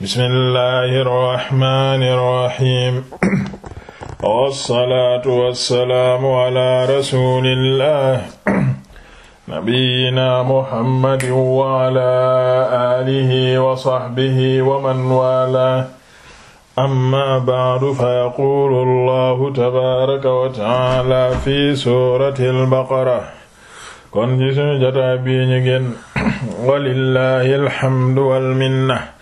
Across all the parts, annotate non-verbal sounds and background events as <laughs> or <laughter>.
bismillahi irrahmani irrahim <clears throat> wassalaatu wassalaamu ala rasulillah nabiyina mohammadin wa ala alihi wa sahbihi wa man wala amma ba'du fa yaquulu allahu tabaaraka wa ta'aala fi surati al-baqara kon ci sunu jataa bi ñu génn <clears throat> walillahi alhamdu wal minna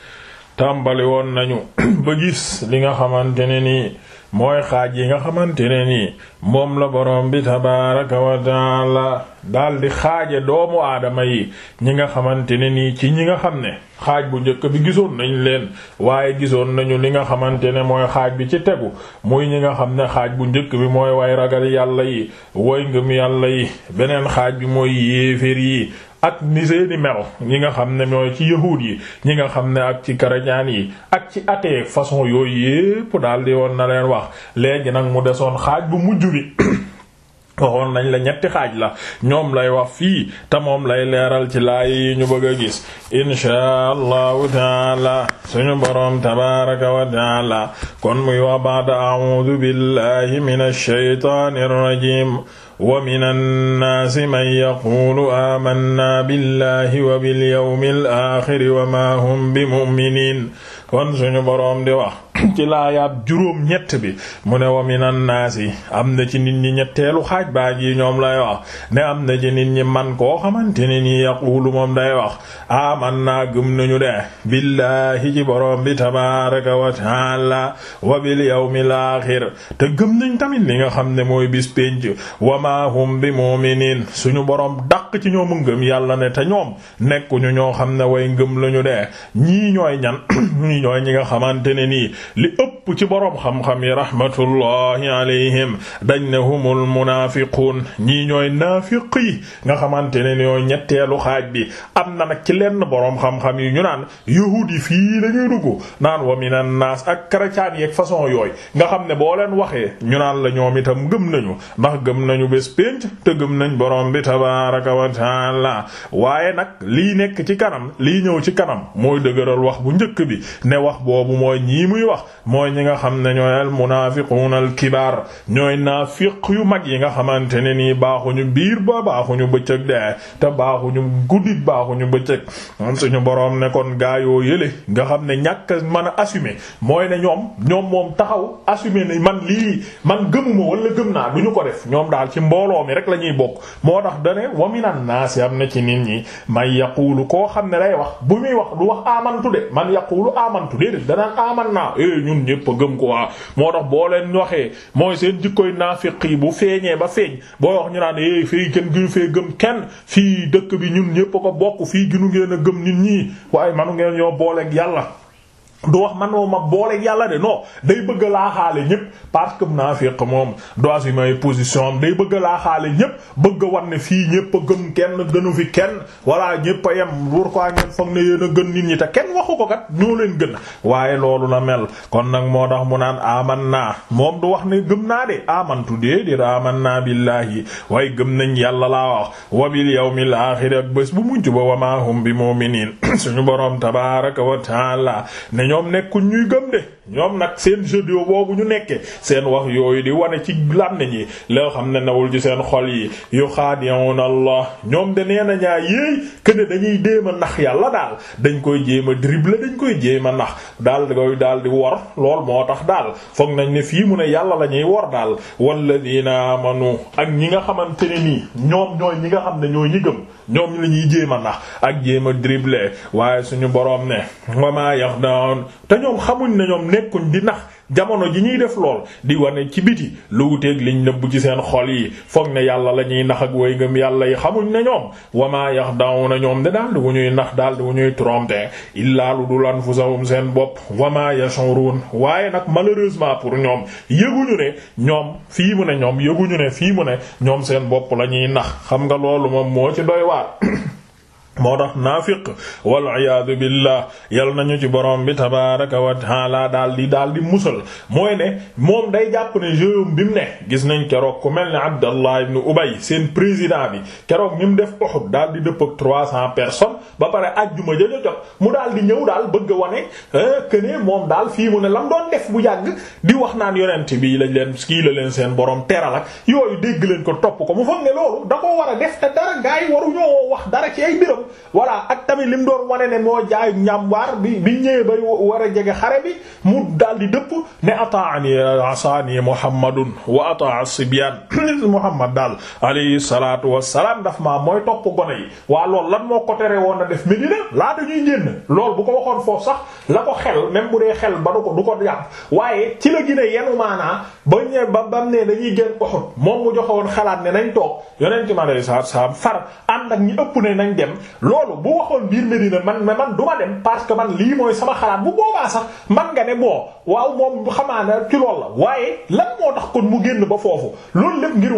tàmbali woon nañu <clears throat> ba gis li nga xamante ne nii mooy xaaj yi nga xamante ne nii moom la borom bi tabaaraka wa taala daal di xaaje doomu aadama yi ñi nga xamante ne nii ci ñi nga xam ne xaaj bu njëkk bi gisoon nañ leen waaye gisoon nañu li nga xamante ne mooy xaaj bi ci tegu muy ñi nga xam ne xaaj bu njëkk bi mooy way ragal yàlla yi way ngëm yàlla yi beneen xaaj bi mooy yéeféer yi ak ni seeni melo ñi nga xam ne mooy ci yahuud yi ñi nga xam ne ak ci karajaan yi ak ci atee façon yooyu yépp daal di woon na leen wax léegi nag mu desoon xaaj bu mujj bi <coughs> waxoon nañ la ñetti xaaj la ñoom lay wax fii te moom lay leeral ci laay yi ñu bëgg a gis inchaa allahu taala suñu boroom tabaraka wa taala kon muy wax baada a'uudu billahi minash shaytaanir rajiim wa minan naasi man yaquulu aamanna billahi wa bil yawmil aaxiri wa maa hum bi mu'miniin kon suñu boroom di wax ci laayaab juróom ñett bi mu ne wa minan naasi am na ci nit ñi ñetteelu xaaj baa ji ñoom lay wax ne am na ci nit ñi man koo xamante ne nii yaqulu moom day wax aman naa gëm nañu de billaahi ci boroom bi tabaaraka wa taala wa bil yawmil aaxir te gëm nañ tamit li nga xam ne mooy bis pénc wa maa hum bi mu'miniin suñu borom daq ci ñoom ngëm yàlla ne te ñoom nekkuñu ñoo xam ne way ngëm lañu de ñii ñooy ñan <coughs> ñii ñooy ñi nga xamante ne nii li ëpp ci boroom xam-xam yi rahmatullahi alayhim dañ ne humul munaafiquun ñii ñooy naafiq yi nga xamante ne ñooy ñetteelu xaaj bi am na nag ci lenn boroom xam-xam yi ñu naan yahuud yi fii lañuy dugg naan wa minan naas ak chrétien yeeg façon yooy nga xam ne boo leen waxee ñu naan la ñoom itam gëm nañu ndax gëm nañu bés pénc te gëm nañ boroom bi tabaaraka wa taala waaye nag lii nekk ci kanam lii ñëw ci kanam mooy dëgëral wax bu njëkk bi ne wax boobu wax mooy ñi nga xam ne ñooy al munaafiquun al kibaar ñooy naafiq yu mag yi nga xamante ne nii baaxuñu biir ba baaxuñu bëccëg de te baaxuñu guddi baaxuñu bëccëg suñu boroom ne kon gaa yoo yële nga xam ne ñàkk mën a mooy ne ñoom ñoom moom taxaw assumer ne man lii man gëmuma wala gëm naa duñu ko def ñoom daal ci mbooloo mi rek la ñuy bokk moo tax dane wa minan naasi am na ci nit ñi may yaqulu koo xam ne day wax bu muy wax du wax amantu de man yaqulu amantu déedéet eh ñun ñëpp a gëm ko waa moo tax boo leen waxee mooy seen jikkoy naafiq yi bu feeñee ba feeñ boo wax ñu naan eh fii kenn gënu fee gëm kenn fii dëkk bi ñun ñëpp ko bokk fii ginu ngeen a gëm nit ñi waaye manu ngeen ñoo booleeg yàlla. du wax man ma boole yàlla de noo day bëgg a laaxaale ñépp parce que moom du assumer position am day bëgg a laaxaale ñépp bëgg wan ne fii ñépp a gëm kenn gënu fi kenn voilà ñépp a yem pourquoi ngeen foog ne yéen a gën nit ñi te kenn waxu ko kat ñoo leen gën waaye loolu la mel kon nag moo tax mu naan aman naa moom du wax ne gëm naa de amantu déedéet aman naa billaahi waaye gëm nañ yàlla laa wax wa bil yawmil aaxir ak bés bu mujj ba wa maa hum bi mu'miniin <coughs> boroom tabaaraka wa ta'aala ñoom nekkuñ ñuy gëm de ñoom nag seen jeudio boobu ñu nekkee seen wax yooyu di wane ci làmmiñ yi loo xam ne nawul ci seen xol yi yu xaadi'una allah ñoom de nee na ñaa yéey këne dañuy déem a nax yàlla daal dañ koy jéem a dribble dañ koy jéem a nax daal di koy daal di wor lool moo tax daal foog nañ ne fii mu ne yàlla la ñuy wor daal walladina amanu ak ñi nga xamante ne nii ñoom ñooy ñi nga xam ne ñooy ñi gëm ñoom ñu la ñuy jéem a nax ak jéem a dribble waaye suñu boroom ne wama yaxda'un te nekkuñ di nax jamono ji ñuy def lool di wane ci biti lu wuteeg liñ nëbb ci seen xol yi foog ne yàlla la ñuy nax ak way ngëm yàlla yi xamuñ ne ñoom wama yaxda'una ñoom de daal wu ñuy nax daal di wu ñuy tromper illaa lu dul anfusahum seen bopp wama yash'urun waaye nag malheureusement pour ñoom yëguñu ne ñoom fii mu ne ñoom yëguñu ne fii mu ne ñoom seen bopp la ñuy nax xam nga loolu moom moo ci doy waar <coughs> moo tax naafiq wal iyaadu billah yal nañu ci borom bi tabaaraka wa taala daal di daal di musal mooy ne moom day jàpp ne jéem bi mu ne gis nañ keroog ku mel ne Abdallah ibn Ubay seen président bi keroog ni mu def Uhud daal di dëpp ak trois cents personnes ba pare ajjuma jëjë jot mu daal di ñëw daal bëgg a wane eh, que moom daal fii mu ne lam doon def bu yàgg di wax naan yonent bi lañ leen kii la leen seen borom teral ak yooyu dégg leen ko topp ko mu foog ne loolu da koo war a def te dara gaa yi waruñoo wax dara ci ay mbiram voilà ak tamit li mu doon wane ne moo jaay njàmbaar bi bi ñëwee bay war a jege xare bi mu daal di dëpp ne ataani asaani muhammadun wa ataa sibyan <clears throat> muhammad daal alayhi salatu wasalaam daf maa mooy topp gone yi waa lool lan moo ko tere woon na def Medina laa dañuy génn loolu bu ko waxoon foofu sax la ko xel même bu dee xel ba du ko du ko jàpp waaye ci la gine yenu maanaa ba ñëw ba bam ne dañuy génn Uhud moom mu woon xalaat ne nañ toog yonent mi alayhi salaatu wasalaam ànd ak ñi ëpp ne nañ dem loolu bu waxoon biir Medina man man du ma dem parce que man lii mooy sama xalaat bu boobaa sax man nga ne bon waaw moom xamaa na ci loolu la waaye lan moo tax génn ba foofu loolu ngir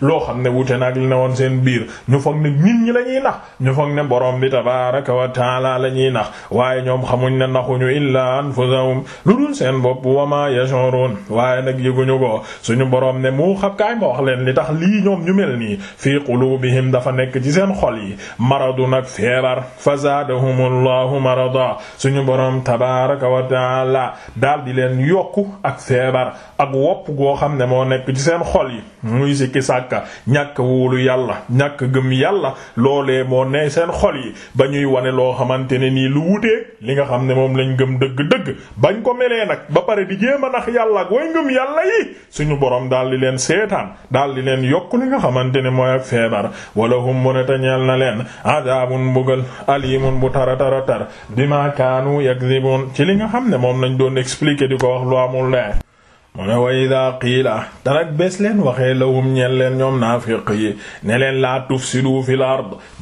loo xam ne wute nag li ne woon seen biir ñu foog ne nit ñi la ñuy nax ñu foog ne borom bi tabaaraka wa taala la ñuy nax waaye ñoom xamuñ ne naxuñu illaa anfusahum lu dul seen bopp wa ma yashurun waaye nag yëguñu ko suñu borom ne mu xam kaay ma wax leen li tax lii ñoom ñu mel nii fi qulubihim dafa nekk nekk ci seen xol yi maradu nag feebar fa zaadahumullahu marada suñu boroom tabaraka wa taala daal di leen yokku ak feebar ak wopp goo xam ne moo nekk ci seen xol yi muy sikki sàkka ñàkk wóolu yàlla ñàkk gëm yàlla loolee moo ne seen xol yi ba ñuy wane loo xamante ne nii lu wuteeg li nga xam ne moom lañ gëm dëgg-dëgg bañ ko melee nag ba pare di jéem a nax yàlla ak gëm yàlla yi suñu borom daal di leen seetaan daal di leen yokk li nga xamante ne mooy ak feebar wala hum mu ne tañeel na leen adabun mbugal alimun bu tara tara tar bima kaanu yakzibun ci li nga xam ne moom lañ doon expliquer di ko wax lu amul lee mu ne wa idaa qiila tanak bés leen waxee lahum ñeen leen ñoom naafiq yi ne leen laa tufsidu fil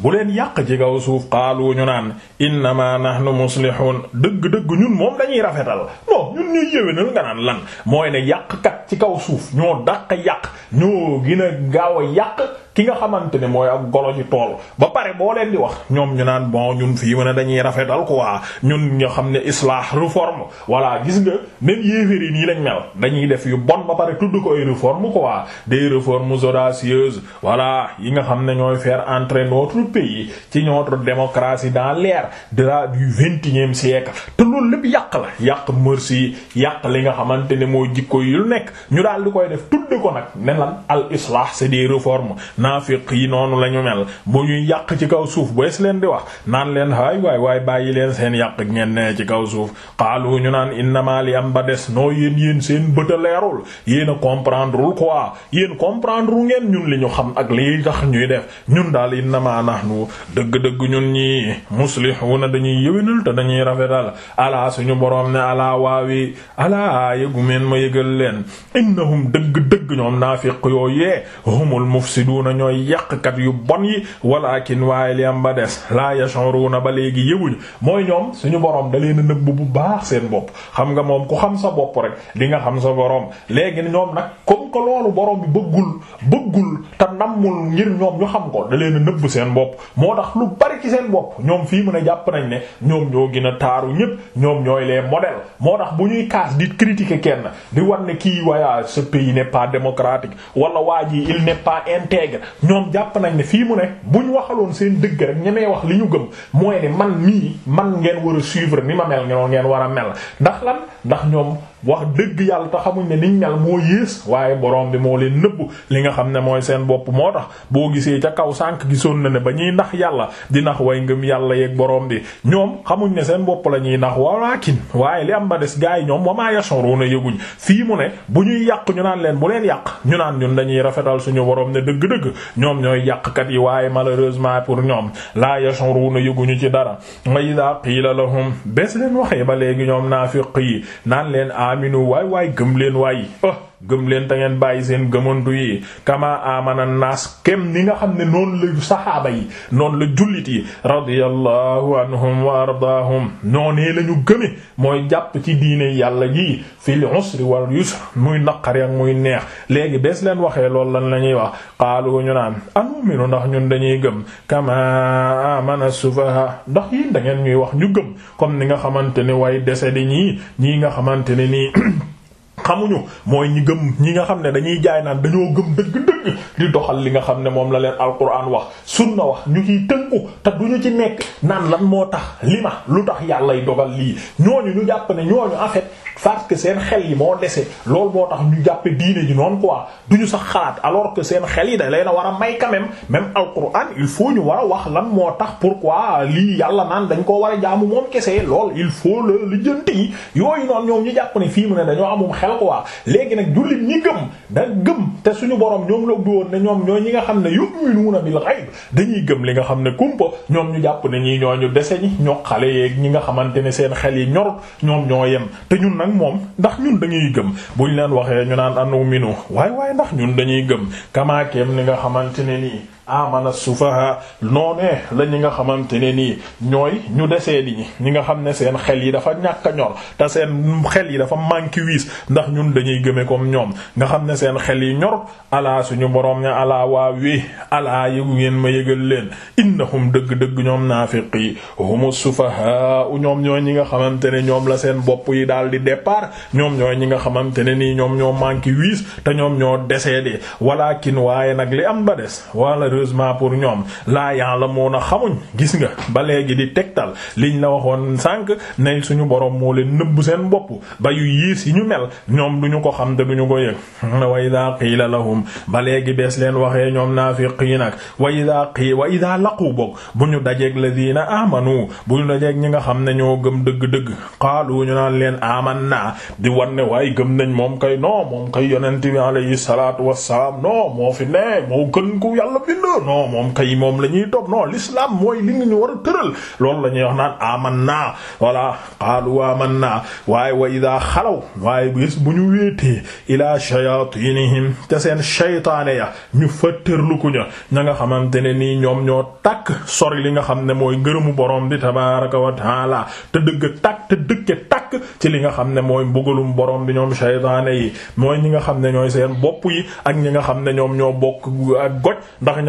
bu leen yàq ci kaw suuf qaalu ñu naan innama nahnu muslihun dëgg-dëgg ñun moom dañuy rafetal non ñun ñuy yéwénal nga naan lan mooy ne yàqkat ci kaw suuf ñoo daq yàq ñu gën a gaaw a yàq ki nga xamante ne mooy ak golo ji tool ba pare boo leen di wax ñoom ñu naan bon ñun fii mu ne dañuy rafetal quoi ñun ñoo xam ne islah réforme voilà gis nga même yéeféer yi nii lañ mel dañuy def yu bon ba pare tudd ko ay réforme quoi des réformes audacieuses voilà yi nga xam ne ñooy faire entrer notre pays ci notre démocratie dans l'ère de la du vingt-et-unième siècle te loolu lépp yàq la yàq merci yàq li nga xamante ne mooy jikko yu nekk ñu daal di koy def tudd ko nag naafiq yi noonu la ñu mel bu ñuy yàq ci kaw suuf bees leen di wax naan leen haay waay waay bàyyi leen seen yàq ngeen ne ci kaw suuf xaalu ñu naan innama li am ba des noo yéen yéen seen bët a leerul yéen a comprendrewul quoi yéen comprendre wu ngeen ñun li ñu xam ak lii tax ñuy def ñun daal innama nahnu dëgg-dëgg ñun ñi muslihuna dañuy yëwénal te dañuy rafetal ala suñu boroom ne ala waawi ala yëgu meen ma yëgal leen innahum dëgg-dëgg ñoom naafiq yooyee na ñooy yàqkat yu bon yi walakin waaye li am ba des laa yashuruna ba léegi yëguñu mooy ñoom suñu boroom da leen a nëbb bu baax seen bopp xam nga moom ku xam sa bopp rek di nga xam sa borom léegi ñoom nag ko que loolu borom bi bëggul bëggul te nammul ngir ñoom ñu xam ko da leen a seen bopp moo tax lu bari ci seen bopp ñoom fii mun a jàpp nañ ne ñoom ñoo gën a taaru ñëpp ñoom ñooy les modèles moo tax bu ñuy kaas di critiquer kenn di war ne kii waaye ce ñoom jàpp nañ ne fii mu ne buñ waxaloon seen dëgg rek ñemee wax li ñu gëm mooy ne man mii man ngeen war a suivre ni ma mel ngeen war a mel ndax lan ndax ñoom wax dëgg yàlla te xamuñ ne niñ mel moo yées waaye borom bi moo leen nëbb li nga xam ne mooy seen bopp moo tax boo gisee ca kaw sànq gisoon na ne ba ñuy ndax yàlla di nax way ngëm yàlla yeeg boroom bi ñoom xamuñ ne seen bopp la ñuy nax walaakin waaye li am ba des gars yi ñoom wamaa yashuruna yëguñ fii mu ne bu ñuy yàq ñu naan leen bu leen yàq ñu naan ñun dañuy rafetal suñu borom ne dëgg-dëgg ñoom ñooy yàq kat yi waaye malheureusement pour ñoom la yashuruna yëguñu ci dara wa idha qila aminu waay waay gëm leen oh. gëm leen te ngeen bàyyi seen gëmantu yi kama amana naas kem ni nga xam ne noonu la saxaaba yi noonu la jullit yi radiyallahu anhum wa ardaahum noonee la ñu gëme mooy jàpp ci diine yàlla ji fil usri wal yusr muy naqari ak muy neex léegi bees leen waxee loolu lan la ñuy wax qaalu ñu naan anu'minu ndax ñun dañuy gëm kama amana sufaha ndax yi da ngeen ñuy wax ñu gëm comme ni nga xamante ne way dese di ñii ñii nga xamante ne nii amuñu mooy ñi gëm ñi nga xam ne dañuy jaay naan dañoo gëm dëgg-dëgg di doxal li nga xam ne moom la leen alquran wax sunna wax ñu ciy tënku te ñu ci nekk naan lan moo tax li ma lu tax yàllay dogal lii ñooñu ñu jàpp ne ñooñu en fait parce seen xel yi moo dese loolu moo tax ñu jàppe diine ji noonu quoi duñu sax xalaat alors que seen xel yi da leen a war a may quand même même alquran faut ñu war a wax lan moo tax pourquoi lii yàlla naan dañ koo war a jaamu moom kese lool il faut le lijjanti yi yooyu noonu ñoom ñu jàpp amum xel taqwa léegi nag jullit ñi gëm da gëm te suñu borom ñoom la ubbi woon ne ñoom ñoo ñi nga xam ne yu yu'minuuna bil ghaib dañuy gëm li nga xam ne kumpa ñoom ñu jàpp ne ñii ñoo ñu dese ñi ñoo xale yeeg ñi nga xamante ne seen xel yi ñor ñoom ñoo yem te ñun nag moom ndax ñun dañuy gëm bu ñu leen waxee ñu naan anu minu waaye waaye ndax ñun dañuy gëm kamaakeem li nga xamante ne nii amana sufaha noonee la ñi nga xamante ne nii ñooy ñu desee di ñi ñi nga xam ne seen xel yi dafa ñàkk a ñor te seen xel yi dafa manqué wiis ndax ñun dañuy gëme comme ñoom nga xam ne seen xel yi ñor alaa suñu boroom ña alaa waa wi alaa yëgu ngeen ma yëgal leen innahum dëgg-dëgg ñoom naafiq yi humu sufaha ñoom ñooy ñi nga xamante ne ñoom la seen bopp yi daal di départ ñoom ñooy ñi nga xamante ne nii ñoom ñoo manqué wiis te ñoom ñoo desee di walakin waaye nag li am ba malheureusement pour ñoom laa ya'lamuna xamuñ gis nga ba léegi di tegtal liñ la waxoon sànq ne suñu borom moo leen nëbb seen bopp ba yu yiis yi ñu mel ñoom duñu ko xam te ñu ko yëg <laughs> wa idaa qiila lahum ba léegi bees leen waxee ñoom naafiq yi nag wa idaa qii wa idaa laqu bokk bu ñu dajeeg ladina amanu bu ñu dajeeg ñi nga xam ne ñoo gëm dëgg-dëgg qaalu ñu naan leen amanna di wan ne waaye gëm nañ moom kay no moom kay yonent bi alayhi salaatu wassalaam non non moom kay moom la ñuy topp non l'islam mooy li ñu war a tëral loolu la ñuy wax naan amanna wala qaalu amanna waaye wa idaa xalaw waaye bis bu ñu wéetee ilaa shayatinihim ca seen shaytaane ya ñu fëttërlu ku ña ña nga xamante ne nii ñoom ñoo takk sori li nga xam ne mooy ngërëmu borom bi tabaaraka wa taala te dëgg takk te dëkke takk ci li nga xam ne mooy mbugalum borom bi ñoom shaytaane yi mooy ñi nga xam ne ñooy seen bopp yi ak ñi nga xam ne ñoom ñoo bokk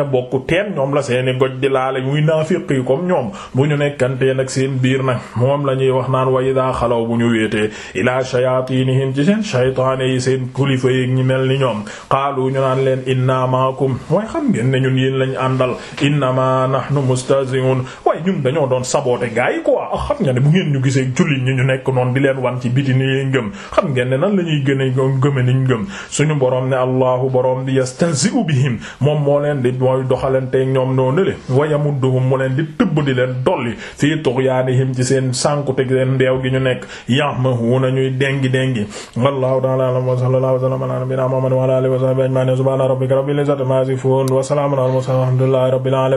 a bokk teen ñoom la seeni goj di laale muy naafiq yi comme ñoom bu ñu nekkantee nag seen biir nag moom la ñuy wax naan wa idaa xalaw bu ñu wéetee ilaa shayatinihim ci seen shaytaane yi seen kulifa yi ñi mel ni ñoom qaalu ñu naan leen inna maakum waaye xam ngeen ne ñun yéen lañ àndal innama nahnu mustahzi'un waaye ñun dañoo doon saboote gars yi quoi ak ah, xam nga ne bu ngeen ñu gisee jullit ñi ñu nekk noon di leen wan ci biti ni leen gëm xam ngeen ne nan la ñuy gën a gëme niñ gëm suñu boroom ne allahu boroom bi mooy doxalanteeg ñoom noo nale wa yamudduhum mu leen di tëbb di leen dolli fii tughyanihim ci seen sànkute seen ndeew gi ñu nekk yahmahuna ñuy dengi dengi wallahu ta'ala a'lam wa sallallahu wa sallama ala nabiyyina muhammadin wa ala alihi wa sahbihi ajma'in subhana rabbika rabbil izzati amma yasifun wa salamun ala al mursalin walhamdulillahi rabbil alamin